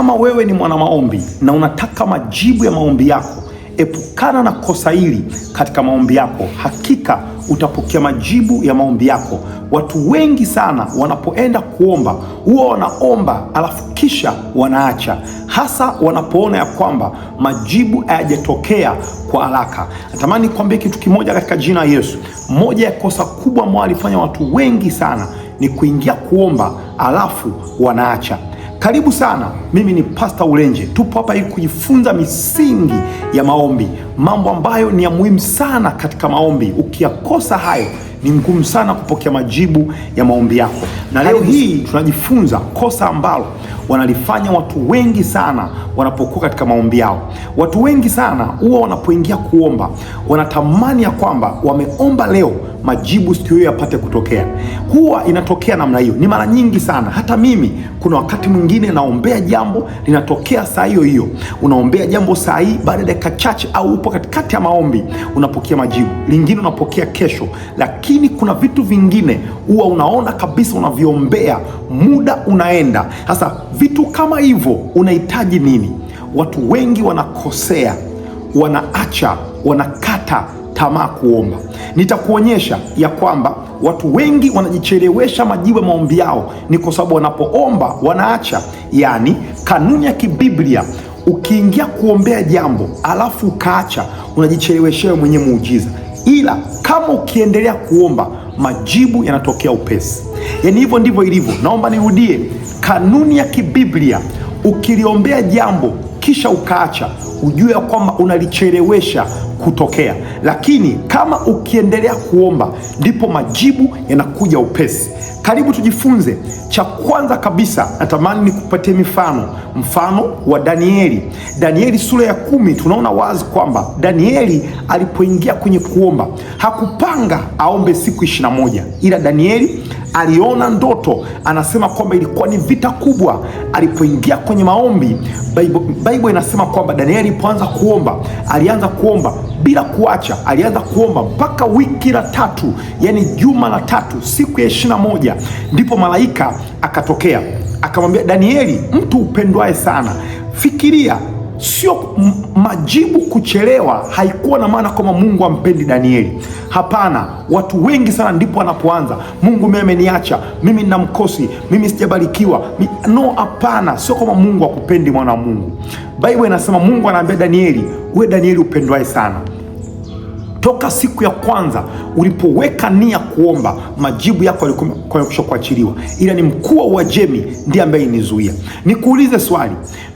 Kama wewe ni mwana maombi na unataka majibu ya maombi yako, epukana na kosa hili katika maombi yako. Hakika utapokea majibu ya maombi yako. Watu wengi sana wanapoenda kuomba huwa wanaomba alafu kisha wanaacha, hasa wanapoona ya kwamba majibu hayajatokea kwa haraka. Natamani kuambia kitu kimoja katika jina la Yesu. Moja ya kosa kubwa ambao walifanya watu wengi sana ni kuingia kuomba alafu wanaacha. Karibu sana, mimi ni Pasta Ulenje. Tupo hapa ili kujifunza misingi ya maombi, mambo ambayo ni ya muhimu sana katika maombi. Ukiyakosa hayo ni ngumu sana kupokea majibu ya maombi yako, na leo hii tunajifunza kosa ambalo wanalifanya watu wengi sana wanapokuwa katika maombi yao. Watu wengi sana huwa wanapoingia kuomba wanatamani ya kwamba wameomba leo majibu siku hiyo yapate kutokea. Huwa inatokea namna hiyo, ni mara nyingi sana. Hata mimi kuna wakati mwingine naombea jambo linatokea saa hiyo hiyo. Unaombea jambo saa hii, baada ya dakika chache au upo katikati ya maombi unapokea majibu, lingine unapokea kesho. Lakini kuna vitu vingine huwa unaona kabisa unavyoombea muda unaenda sasa vitu kama hivyo unahitaji nini? Watu wengi wanakosea, wanaacha, wanakata tamaa kuomba. Nitakuonyesha ya kwamba watu wengi wanajichelewesha majibu ya maombi yao ni kwa sababu wanapoomba wanaacha. Yaani, kanuni ya kibiblia, ukiingia kuombea jambo alafu ukaacha, unajicheleweshea mwenye muujiza ila kama ukiendelea kuomba majibu yanatokea upesi. Yaani hivyo ndivyo ilivyo. Naomba nirudie, kanuni ya kibiblia, ukiliombea jambo kisha ukaacha, ujue ya kwamba unalichelewesha kutokea, lakini kama ukiendelea kuomba ndipo majibu yanakuja upesi. Karibu tujifunze. Cha kwanza kabisa, natamani nikupatie mifano, mfano wa Danieli. Danieli sura ya kumi, tunaona wazi kwamba Danieli alipoingia kwenye kuomba hakupanga aombe siku ishirini na moja ila Danieli aliona ndoto, anasema kwamba ilikuwa ni vita kubwa. Alipoingia kwenye maombi, Biblia inasema kwamba Danieli alipoanza kuomba, alianza kuomba bila kuacha, alianza kuomba mpaka wiki la tatu, yani juma la tatu, siku ya ishirini na moja ndipo malaika akatokea akamwambia Danieli, mtu upendwaye sana, fikiria sio majibu kuchelewa. Haikuwa na maana kwamba Mungu ampendi Danieli, hapana. Watu wengi sana ndipo wanapoanza, Mungu mimi ameniacha, mimi nina mkosi, mimi sijabarikiwa. No, hapana, sio kwamba Mungu akupendi mwana wa Mungu. Biblia inasema Mungu anaambia Danieli, we Danieli upendwaye sana toka siku ya kwanza ulipoweka nia kuomba, majibu yako yalikuwa kuachiliwa, ila ni mkuu wa Uajemi ndiye ambaye inizuia. Nikuulize swali,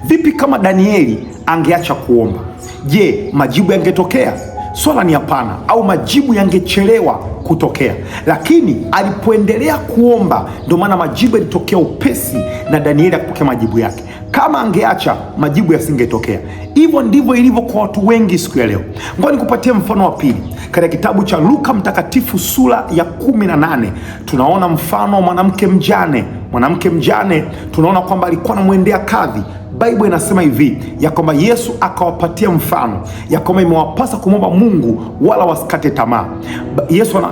vipi kama Danieli angeacha kuomba? Je, majibu yangetokea? Swala ni hapana, au majibu yangechelewa kutokea. Lakini alipoendelea kuomba, ndio maana majibu yalitokea upesi na Danieli akapokea majibu yake. Kama angeacha majibu yasingetokea. Hivyo ndivyo ilivyo kwa watu wengi siku ya leo. Ngoja nikupatie mfano wa pili katika kitabu cha Luka Mtakatifu sura ya kumi na nane tunaona mfano wa mwanamke mjane. Mwanamke mjane tunaona kwamba alikuwa anamwendea kadhi Biblia inasema hivi ya kwamba Yesu akawapatia mfano ya kwamba imewapasa kumwomba Mungu wala wasikate tamaa.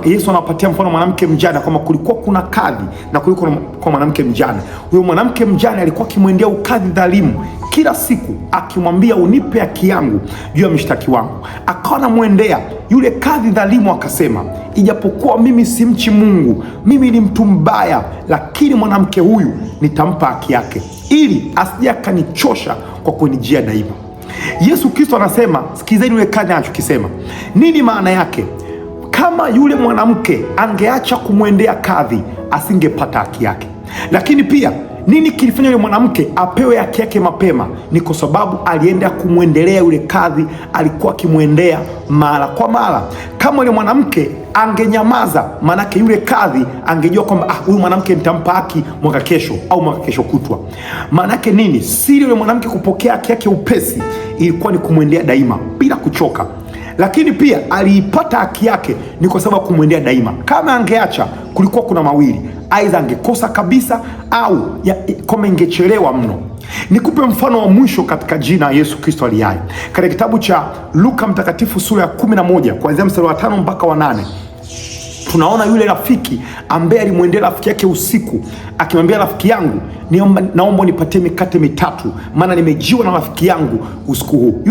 Yesu anawapatia mfano mwanamke mjane kwamba kulikuwa kuna kadhi na kulikuwa kwa mwanamke mjane. Huyo mwanamke mjane alikuwa akimwendea ukadhi dhalimu kila siku akimwambia unipe haki yangu juu ya mshtaki wangu. Akawa namwendea yule kadhi dhalimu, akasema ijapokuwa mimi si mchi Mungu, mimi ni mtu mbaya, lakini mwanamke huyu nitampa haki yake, ili asije akanichosha kwa kunijia daima. Yesu Kristo anasema, sikilizeni yule kadhi anachokisema. Nini maana yake? Kama yule mwanamke angeacha kumwendea kadhi, asingepata haki yake, lakini pia nini kilifanya yule mwanamke apewe haki yake mapema? Ni kwa sababu alienda kumwendelea yule kadhi, alikuwa akimwendea mara kwa mara. Kama yule mwanamke angenyamaza, maanake yule kadhi angejua kwamba ah, huyu mwanamke nitampa haki mwaka kesho au mwaka kesho kutwa. Maanake nini? Siri yule mwanamke kupokea haki yake upesi ilikuwa ni kumwendea daima bila kuchoka lakini pia aliipata haki yake ni kwa sababu kumwendea daima. Kama angeacha, kulikuwa kuna mawili: aidha angekosa kabisa au kome ingechelewa mno. Nikupe mfano wa mwisho katika jina Yesu Kristo aliye hai, katika kitabu cha Luka Mtakatifu sura ya 11 kuanzia mstari wa tano mpaka wa nane. Tunaona yule rafiki ambaye alimwendea rafiki yake usiku akimwambia, rafiki yangu, naomba unipatie mikate mitatu, maana nimejiwa na rafiki yangu usiku huu.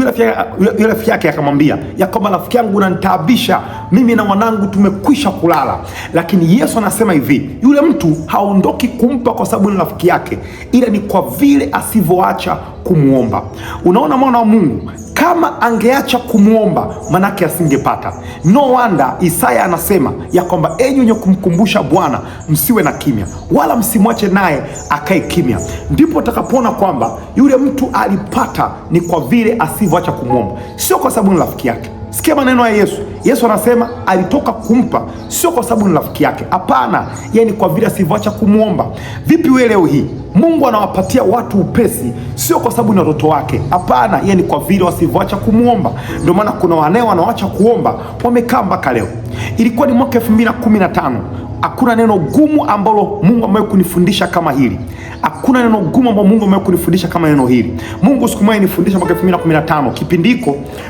Yule rafiki yake akamwambia ya kwamba rafiki yangu, unanitaabisha mimi na wanangu tumekwisha kulala. Lakini Yesu anasema hivi, yule mtu haondoki kumpa kwa sababu ni rafiki yake, ila ni kwa vile asivyoacha kumwomba. Unaona mwana wa Mungu kama angeacha kumwomba, manake asingepata. No wonder Isaya anasema ya kwamba enyi ee wenye kumkumbusha Bwana msiwe na kimya, wala msimwache naye akae kimya. Ndipo utakapoona kwamba yule mtu alipata ni kwa vile asivyoacha kumwomba, sio kwa sababu ni rafiki yake Sikia maneno ya Yesu. Yesu anasema alitoka kumpa, sio kwa sababu ni rafiki yake, hapana, yani kwa vile asivyoacha kumwomba. Vipi wewe leo hii Mungu anawapatia watu upesi, sio kwa sababu ni watoto wake, hapana, yani kwa vile wasivyoacha kumwomba. Ndio maana kuna wanae wanaoacha kuomba wamekaa mpaka leo. Ilikuwa ni mwaka 2015 hakuna neno gumu ambalo Mungu amewahi kunifundisha kama hili. Hakuna neno gumu ambalo Mungu amewahi kunifundisha kama neno hili. Mungu siku moja nifundisha mwaka 2015. Kipindi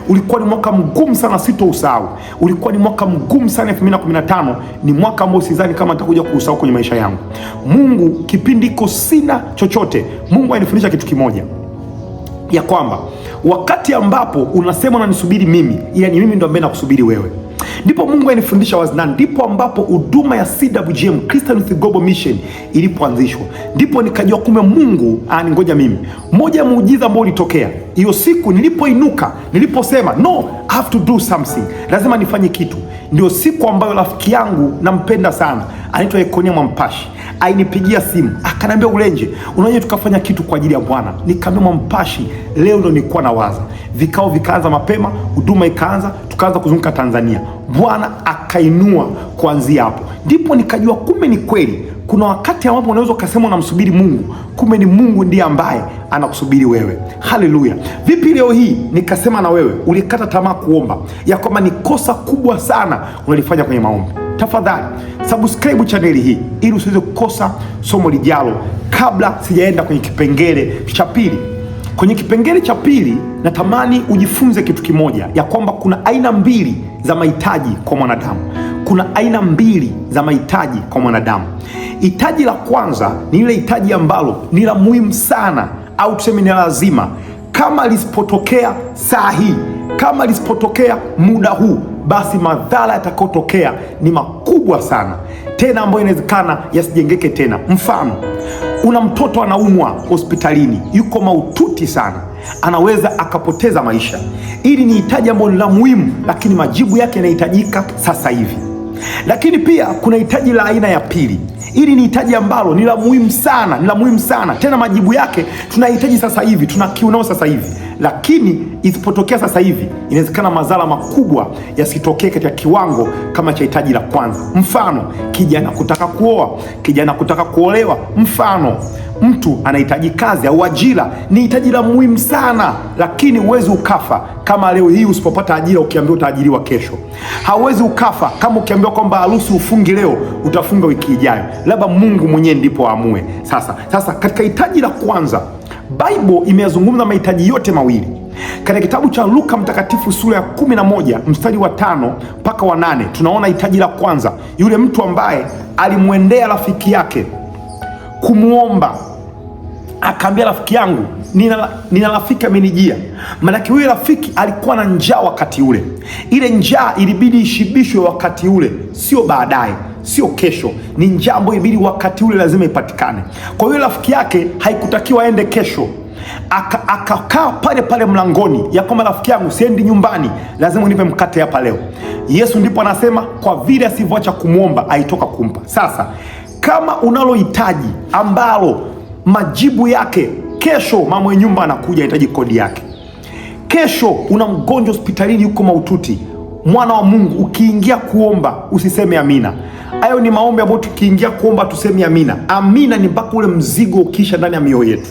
ulikuwa ni mwaka mgumu sana, sitousahau. Ulikuwa ni mwaka mgumu sana 2015, ni mwaka ambao sidhani kama nitakuja kuusahau kwenye maisha yangu. Mungu kipindi hiko sina chochote, Mungu alinifundisha kitu kimoja ya kwamba wakati ambapo unasema unanisubiri mimi, yani mimi ndo ambaye nakusubiri wewe ndipo Mungu alinifundisha wazinani, ndipo ambapo huduma ya CWGM Christian Youth Global Mission ilipoanzishwa, ndipo nikajua kumbe Mungu aningoja mimi. Moja ya muujiza ambao ulitokea hiyo siku nilipoinuka, niliposema no I have to do something, lazima nifanye kitu, ndio siku ambayo rafiki yangu nampenda sana anaitwa Ekonia Mwampashi ainipigia simu akaniambia, Ulenje, unaje tukafanya kitu kwa ajili ya Bwana. Nikamwambia Mwampashi, leo ndo nilikuwa na waza. Vikao vikaanza mapema, huduma ikaanza, tukaanza kuzunguka Tanzania. Bwana akainua kuanzia hapo, ndipo nikajua kumbe ni kweli kuna wakati ambapo unaweza ukasema unamsubiri Mungu, kumbe ni Mungu ndiye ambaye anakusubiri wewe. Haleluya! Vipi leo hii nikasema na wewe ulikata tamaa kuomba, ya kwamba ni kosa kubwa sana unalifanya kwenye maombi tafadhali subscribe chaneli hii ili usiweze kukosa somo lijalo. Kabla sijaenda kwenye kipengele cha pili, kwenye kipengele cha pili natamani ujifunze kitu kimoja, ya kwamba kuna aina mbili za mahitaji kwa mwanadamu. Kuna aina mbili za mahitaji kwa mwanadamu. Hitaji la kwanza ni lile hitaji ambalo ni la muhimu sana, au tuseme ni lazima. Kama lisipotokea saa hii, kama lisipotokea muda huu basi madhara yatakayotokea ni makubwa sana, tena ambayo inawezekana yasijengeke tena. Mfano, una mtoto anaumwa hospitalini, yuko maututi sana, anaweza akapoteza maisha. Ili ni hitaji ambalo la muhimu, lakini majibu yake yanahitajika sasa hivi. Lakini pia kuna hitaji la aina ya pili. ili ni hitaji ambalo ni la muhimu sana, ni la muhimu sana tena, majibu yake tunahitaji sasa hivi, tuna kiu nao sasa hivi lakini isipotokea sasa hivi, inawezekana madhara makubwa yasitokee katika kiwango kama cha hitaji la kwanza. Mfano, kijana kutaka kuoa, kijana kutaka kuolewa. Mfano, mtu anahitaji kazi au ajira, ni hitaji la muhimu sana, lakini huwezi ukafa kama leo hii usipopata ajira ukiambiwa utaajiriwa kesho. Hauwezi ukafa kama ukiambiwa kwamba harusi ufungi leo, utafunga wiki ijayo. Labda Mungu mwenyewe ndipo aamue. Sasa sasa, katika hitaji la kwanza Bible imeyazungumza mahitaji yote mawili katika kitabu cha Luka Mtakatifu sura ya kumi na moja mstari wa tano mpaka wa nane tunaona hitaji la kwanza, yule mtu ambaye alimwendea rafiki yake kumwomba, akaambia rafiki yangu, nina, nina rafiki amenijia. Maanake huyo rafiki alikuwa na njaa wakati ule, ile njaa ilibidi ishibishwe wakati ule, sio baadaye sio kesho, ni jambo ibidi wakati ule lazima ipatikane. Kwa hiyo rafiki yake haikutakiwa aende kesho, akakaa aka pale pale mlangoni ya kwamba rafiki yangu, siendi nyumbani, lazima unipe mkate hapa leo. Yesu ndipo anasema kwa vile asivyoacha kumwomba aitoka kumpa. Sasa kama unalohitaji ambalo majibu yake kesho, mama wa nyumba anakuja, anahitaji kodi yake kesho. Una mgonjwa hospitalini, yuko maututi, mwana wa Mungu, ukiingia kuomba usiseme amina. Hayo ni maombi ambayo tukiingia kuomba tuseme amina. Amina ni mpaka ule mzigo ukisha ndani ya mioyo yetu.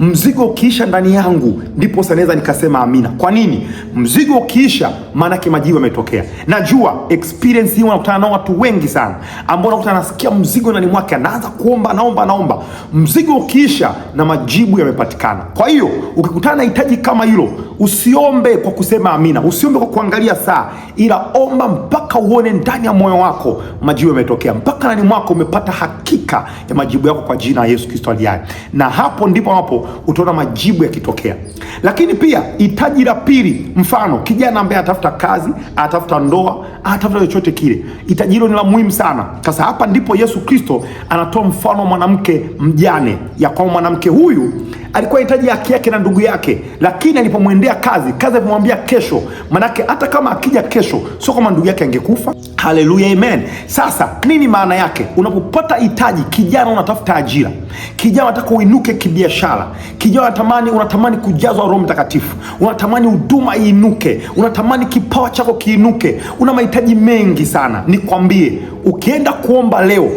Mzigo ukiisha ndani yangu, ndipo sasa naweza nikasema amina. Kwa nini? Mzigo ukiisha, maanake majibu yametokea. Najua experience hii unakutana nao watu wengi sana, ambao unakutana nasikia mzigo ndani mwake, anaanza kuomba, anaomba, anaomba, mzigo ukiisha na majibu yamepatikana. Kwa hiyo ukikutana na hitaji kama hilo, usiombe kwa kusema amina, usiombe kwa kuangalia saa, ila omba mpaka uone ndani ya moyo wako majibu yametokea, mpaka ndani mwako umepata hakika ya majibu yako kwa jina la Yesu Kristo aliye na hapo ndipo hapo utaona majibu yakitokea. Lakini pia hitaji la pili, mfano kijana ambaye anatafuta kazi, anatafuta ndoa, anatafuta chochote kile, hitaji hilo ni la muhimu sana. Sasa hapa ndipo Yesu Kristo anatoa mfano wa mwanamke mjane, ya kwamba mwanamke huyu alikuwa anahitaji haki yake na ndugu yake, lakini alipomwendea kazi, kazi alimwambia kesho. Manake hata kama akija kesho, sio kama ndugu yake angekufa. Haleluya, amen. Sasa nini maana yake? Unapopata hitaji, kijana unatafuta ajira, kijana unataka uinuke kibiashara, Kijana unatamani, unatamani kujazwa Roho Mtakatifu, unatamani huduma iinuke, unatamani kipawa chako kiinuke, una mahitaji mengi sana. Nikwambie, ukienda kuomba leo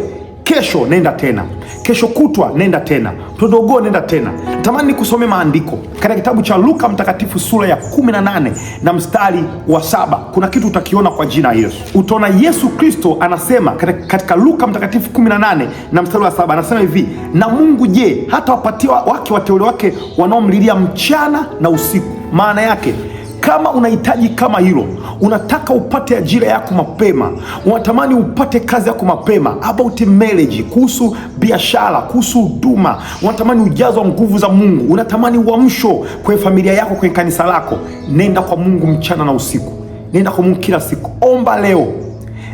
Kesho nenda tena, kesho kutwa nenda tena, mtodogoo nenda tena. Natamani kusome maandiko katika kitabu cha Luka Mtakatifu sura ya 18 na mstari wa saba. Kuna kitu utakiona kwa jina Yesu, utaona Yesu Kristo anasema katika Luka Mtakatifu 18 na mstari wa saba, anasema hivi: na Mungu je, hata wapatia wake wateule wake wanaomlilia mchana na usiku. Maana yake kama unahitaji kama hilo, unataka upate ajira yako mapema, unatamani upate kazi yako mapema, about marriage, kuhusu biashara, kuhusu huduma, unatamani ujazo wa nguvu za Mungu, unatamani uamsho kwenye familia yako, kwenye kanisa lako, nenda kwa Mungu mchana na usiku, nenda kwa Mungu kila siku, omba leo.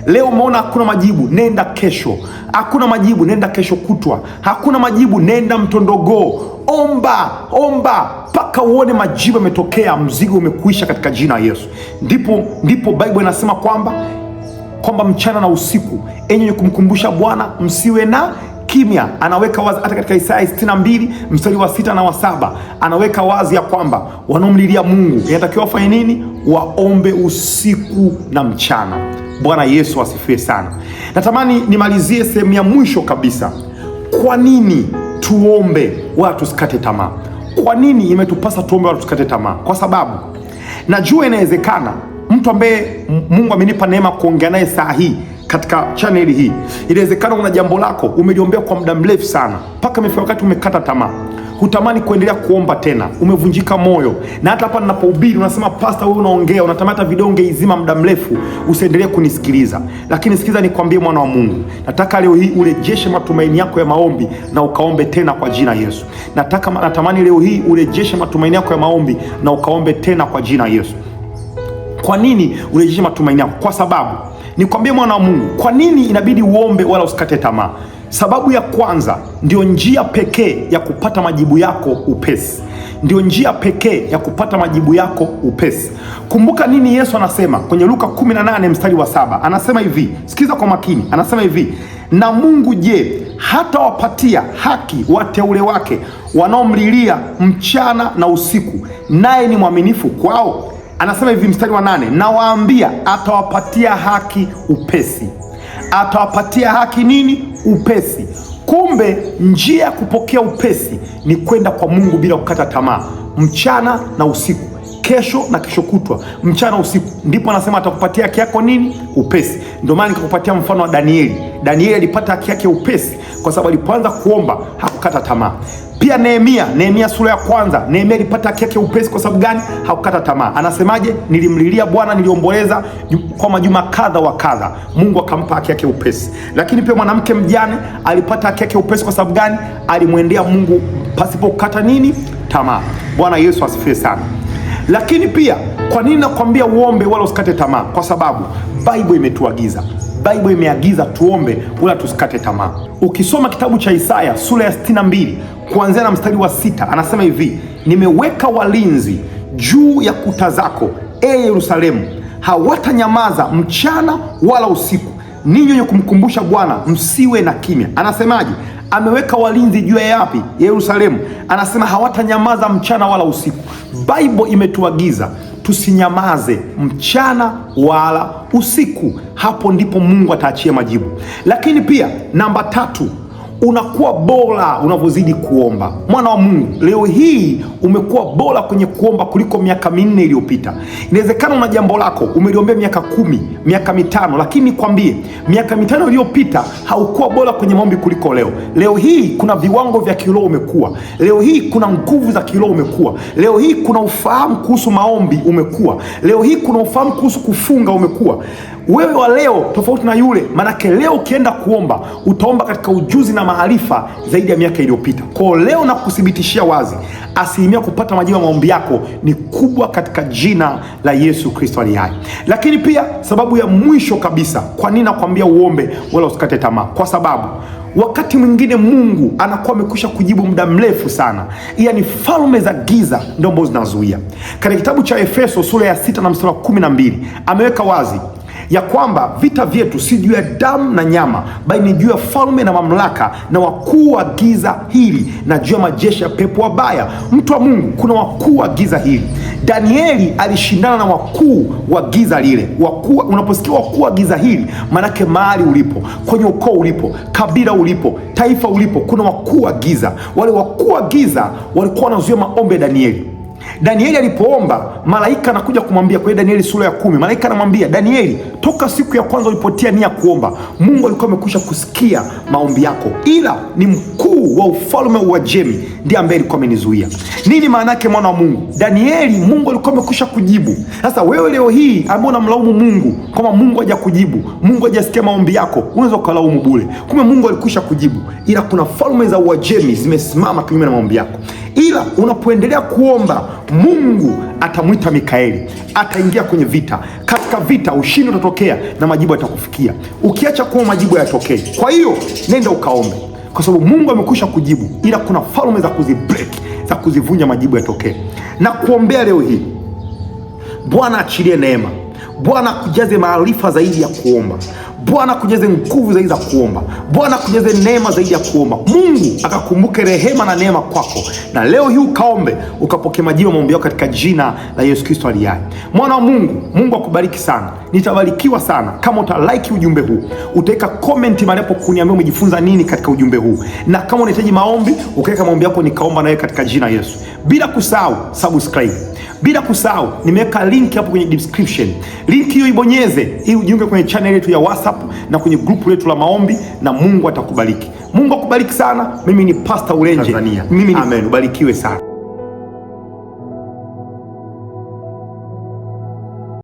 Leo umeona hakuna majibu, nenda kesho. Hakuna majibu, nenda kesho kutwa. Hakuna majibu, nenda Mtondogoo, omba omba mpaka uone majibu yametokea, mzigo umekuisha katika jina la Yesu. Ndipo ndipo Biblia inasema kwamba kwamba mchana na usiku, enyi wenye kumkumbusha Bwana msiwe na kimya. Anaweka wazi hata katika Isaya 62 mstari wa sita na wa saba anaweka wazi ya kwamba wanaomlilia Mungu inatakiwa wafanye nini? Waombe usiku na mchana. Bwana Yesu asifiwe sana. Natamani nimalizie sehemu ya mwisho kabisa. Kwa nini tuombe wala tusikate tamaa? Kwa nini imetupasa tuombe wala tusikate tamaa? Kwa sababu najua inawezekana mtu ambaye Mungu amenipa neema kuongea naye saa hii katika chaneli hii. Inawezekana una jambo lako umeliombea kwa muda mrefu sana, mpaka imefika wakati umekata tamaa, hutamani kuendelea kuomba tena, umevunjika moyo. Na hata hapa ninapohubiri unasema, pasta, wewe unaongea unatamani hata vidonge izima muda mrefu, usiendelee kunisikiliza. Lakini sikiliza, nikwambie mwana wa Mungu, nataka leo hii urejeshe matumaini yako ya maombi na ukaombe tena kwa jina Yesu. Nataka natamani leo hii urejeshe matumaini yako ya maombi na ukaombe tena kwa jina Yesu. Kwa nini urejeshe matumaini yako? Kwa sababu Nikwambie mwana wa Mungu, kwa nini inabidi uombe wala usikate tamaa? Sababu ya kwanza, ndiyo njia pekee ya kupata majibu yako upesi, ndiyo njia pekee ya kupata majibu yako upesi. Kumbuka nini Yesu anasema kwenye Luka 18 mstari wa saba, anasema hivi, sikiza kwa makini, anasema hivi, na Mungu je, hatawapatia haki wateule wake wanaomlilia mchana na usiku, naye ni mwaminifu kwao anasema hivi mstari wa nane, nawaambia atawapatia haki upesi. Atawapatia haki nini? Upesi. Kumbe njia ya kupokea upesi ni kwenda kwa Mungu bila kukata tamaa, mchana na usiku kesho na kesho kutwa, mchana usiku, ndipo anasema atakupatia haki yako nini? Upesi. Ndio maana nikakupatia mfano wa Danieli. Danieli alipata haki yake upesi, kwa sababu alipoanza kuomba hakukata tamaa. Pia Nehemia, Nehemia sura ya kwanza, Nehemia alipata haki yake upesi. Kwa sababu gani? Hakukata tamaa. Anasemaje? Nilimlilia Bwana, niliomboleza kwa majuma kadha wa kadha, Mungu akampa haki yake upesi. Lakini pia mwanamke mjane alipata haki yake upesi. Kwa sababu gani? Alimwendea Mungu pasipo kukata nini tamaa. Bwana Yesu asifiwe sana. Lakini pia kwa nini nakwambia uombe wala usikate tamaa? Kwa sababu Biblia imetuagiza Biblia imeagiza tuombe wala tusikate tamaa. Ukisoma kitabu cha Isaya sura ya 62 kuanzia na mstari wa sita anasema hivi, nimeweka walinzi juu ya kuta zako, e Yerusalemu, hawatanyamaza mchana wala usiku. Ninyi wenye kumkumbusha Bwana msiwe na kimya. Anasemaje? ameweka walinzi juu ya yapi? Yerusalemu. Anasema hawatanyamaza mchana wala usiku. Bible imetuagiza tusinyamaze mchana wala usiku. Hapo ndipo Mungu ataachia majibu. Lakini pia namba tatu unakuwa bora unavyozidi kuomba. Mwana wa Mungu, leo hii umekuwa bora kwenye kuomba kuliko miaka minne iliyopita. Inawezekana una jambo lako umeliombea miaka kumi, miaka mitano, lakini nikwambie, miaka mitano iliyopita haukuwa bora kwenye maombi kuliko leo. Leo hii kuna viwango vya kiroho umekuwa, leo hii kuna nguvu za kiroho umekuwa, leo hii kuna ufahamu kuhusu maombi umekuwa, leo hii kuna ufahamu kuhusu kufunga umekuwa wewe wa leo tofauti na yule, maanake leo ukienda kuomba utaomba katika ujuzi na maarifa zaidi ya miaka iliyopita. Kwa leo na kukuthibitishia wazi, asilimia kupata majibu ya maombi yako ni kubwa katika jina la Yesu Kristo aliye hai. Lakini pia sababu ya mwisho kabisa, kwa nini nakwambia uombe wala usikate tamaa, kwa sababu wakati mwingine Mungu anakuwa amekwisha kujibu muda mrefu sana, ila ni falme za giza ndio ambazo zinazuia. Katika kitabu cha Efeso sura ya sita na mstari wa kumi na mbili ameweka wazi ya kwamba vita vyetu si juu ya damu na nyama, bali ni juu ya falme na mamlaka na wakuu wa giza hili na juu ya majeshi ya pepo wabaya. Mtu wa Mungu, kuna wakuu wa giza hili. Danieli alishindana na wakuu wa giza lile. Wakuu, unaposikia wakuu wa giza hili, maanake mahali ulipo, kwenye ukoo ulipo, kabila ulipo, taifa ulipo, kuna wakuu wa giza. Wale wakuu wa giza walikuwa wanazuia maombi ya Danieli. Danieli alipoomba malaika anakuja kumwambia kwa Danieli sura ya kumi, malaika anamwambia Danieli, toka siku ya kwanza ulipotia nia kuomba, Mungu alikuwa amekwisha kusikia maombi yako, ila ni mkuu wa ufalme wa Uajemi ndiye ambaye alikuwa amenizuia. Nini maana yake, mwana wa Mungu? Danieli, Mungu alikuwa amekwisha kujibu. Sasa wewe leo hii ambao unamlaumu Mungu kwamba Mungu hajakujibu, Mungu hajasikia maombi yako, unaweza ukalaumu bure, kumbe Mungu alikwisha kujibu, ila kuna falme za Uajemi zimesimama kinyume na maombi yako ila unapoendelea kuomba Mungu atamwita Mikaeli, ataingia kwenye vita. Katika vita ushindi utatokea na majibu yatakufikia. Ukiacha kuwa majibu hayatokei. Kwa hiyo nenda ukaombe, kwa sababu Mungu amekwisha kujibu, ila kuna falme za kuzi za kuzivunja majibu yatokee. Na kuombea leo hii, Bwana achilie neema Bwana kujaze maarifa zaidi ya kuomba. Bwana kujaze nguvu zaidi za kuomba. Bwana kujaze neema zaidi ya kuomba. Mungu akakumbuke rehema na neema kwako, na leo hii ukaombe ukapokea majibu maombi yako katika jina la Yesu Kristo aliye hai. Mwana wa Mungu, Mungu akubariki sana. Nitabarikiwa sana kama utalaiki ujumbe huu, utaweka komenti mahali hapo kuniambia umejifunza nini katika ujumbe huu, na kama unahitaji maombi ukaweka maombi yako nikaomba nawe katika jina la Yesu, bila kusahau subscribe. Bila kusahau nimeweka link hapo kwenye description. Link hiyo ibonyeze ili ujiunge kwenye channel yetu ya WhatsApp na kwenye grupu letu la maombi na Mungu atakubariki. Mungu akubariki sana. Mimi ni Pastor Ulenje. Mimi ni Amen. Ubarikiwe sana.